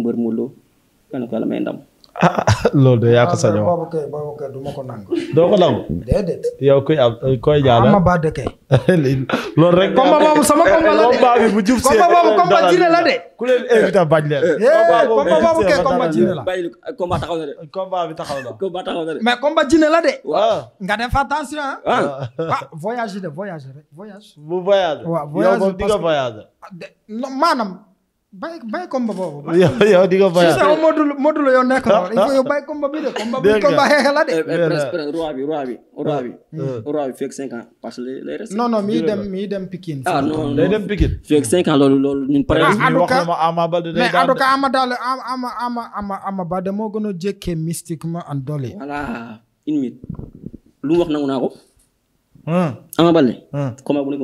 mbër Modou Lo yal na ko yàlla may ndam. ah loolu de yaa ah, du ma ko nangu. doo ko nangu. déedéet. yow kuy am koy ñaanal ama ah? ba dëkk. loolu sama combat la eh, la de. ku leen invité bañ leen. Eh, combat boobu kay combat jiine eh, la. de. Ah. nga def attention ah. ah de voyage rek voyage. yow moom di nga voyage. bay bay combat boobu. yow di ko bayaat sisan Modou yow nekk ah, il ah. yow bay combat bi de. combat bi combat la de. Eh, eh, roi bi roi bi hmm. Hmm. cinq ans parce que lay mi dem dem Pikine. ah non cinq ans loolu loolu ñun pare. Ah, wax na ma Ama Baldé mais en tout wax nangu naa ko. Ama Baldé.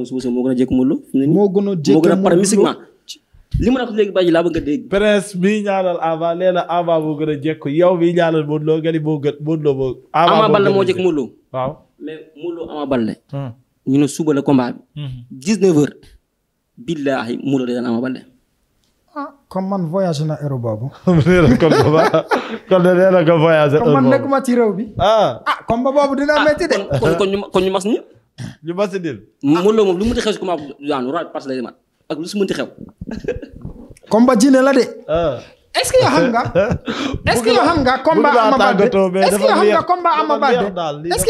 moo gën a jékki Modou hmm. moo gën a jékki Modou moo gën a pare mystiquement. li ma la wax léegi bàyyi laa bëgg a dégg. prince bi ñaanal Ama nee na Ama moo gën a jekku yow bi ñaanal Modou Lo nga ni moo gën Modou Lo moo. Ama Baldé moo jekk Modou Lo. waaw mais Modou Lo Ama Baldé. Hmm. ñu ne hmm. ah, comme man voyagé na euro boobu. nee man nekkuma ci réew bi. Ah. Ah, comme ba boobu dina métti de. kon kon ñu mas ñu. ñu mas moom lu mu di xew si combat bi daanu raaj parce lay demaat. ak lu si mënti xew. combat jinne la de. Ah. est es que yoo xam nga. est-ce xam nga combat Ama Baldé est-ce que yoo xam nga combat Ama Baldé est-ce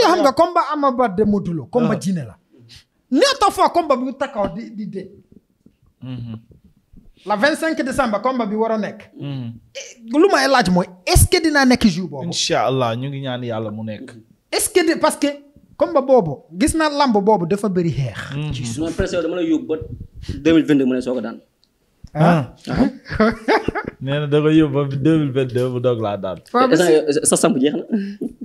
ah. que yoo jinne la. ñaata fois combat bi takkaw di di dee. Mm-hmm. la 25 décembre combat bi war a nekk. Mm-hmm. Eh, lu may laaj mooy est-ce que dinaa nekk jour boobu. incha allah ñu ngi ñaan yàlla mu nekk. est que de parce comme ba boobu gis naa lamb boobu dafa bëri xeex. ci suuf pression dama lay yóbbu ne soo ko daan. ah, ah. nee na da koy ba mu doog laa daan. sa samp jeex na.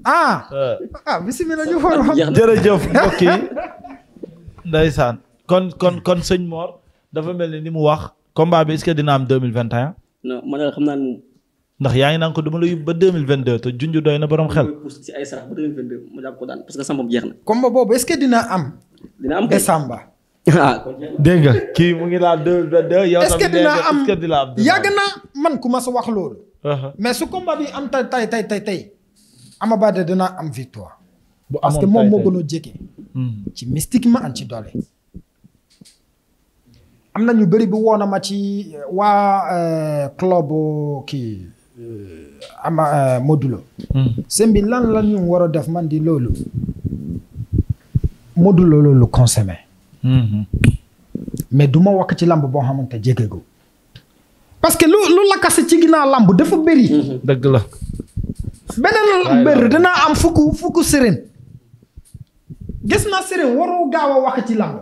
ah ah, ah bisimilah ñu for jërëjëf mbokk yi. ndeysaan kon kon kon sëñ Mor dafa mel ni ni mu wax combat bi est-ce que dina am 2021. non man xam naa ndax yaa ngi naan ko duma la yóbbu ba 2022 te junj doy na borom xel. si ay sarax na. boobu est-ce que dina am. dina am décembre. ah dégg nga kii mu ngi laa 2022. yow na man ku ma sa wax loolu. Uh-huh. mais su combat bi am tay tay tey. Ama Baldé dina am victoire. bu amoon parce que moom moo gën a jege. Hmm. ci mystiquement am ci doole. am na ñu bëri bi woon na ma ci eh, waa eh, club kii. ama euh, modulo Lo hmm. lan la ñu war a def man di loolu Modou Lo loolu consommé hmm. mais du ma wakk ci lamb boo xamante jégeegu parce que lu lu lakkase ci ginnaaw lamb dafa bëri hmm. dëgg la beneen mbër am fukk fukk sëriñ gis naa sëriñ waroo gaaw a wax ci lamb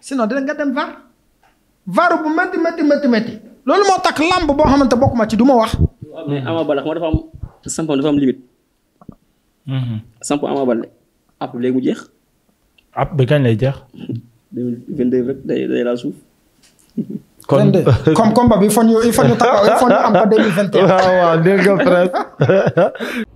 sinon dina nga dem var var bu métti métti métti loolu moo takk lamb boo xamante bokkuma ci du ma wax mais Ama Baldé xam nga dafa am sampam dafa am limite. Mhm. samp Ama app bi mu jeex. app bi kañ jeex. 2022 day day suuf. kon comme combat bi il faut ñu il faut ñu taxaw il faut ñu ba 2021. waaw waaw dégg nga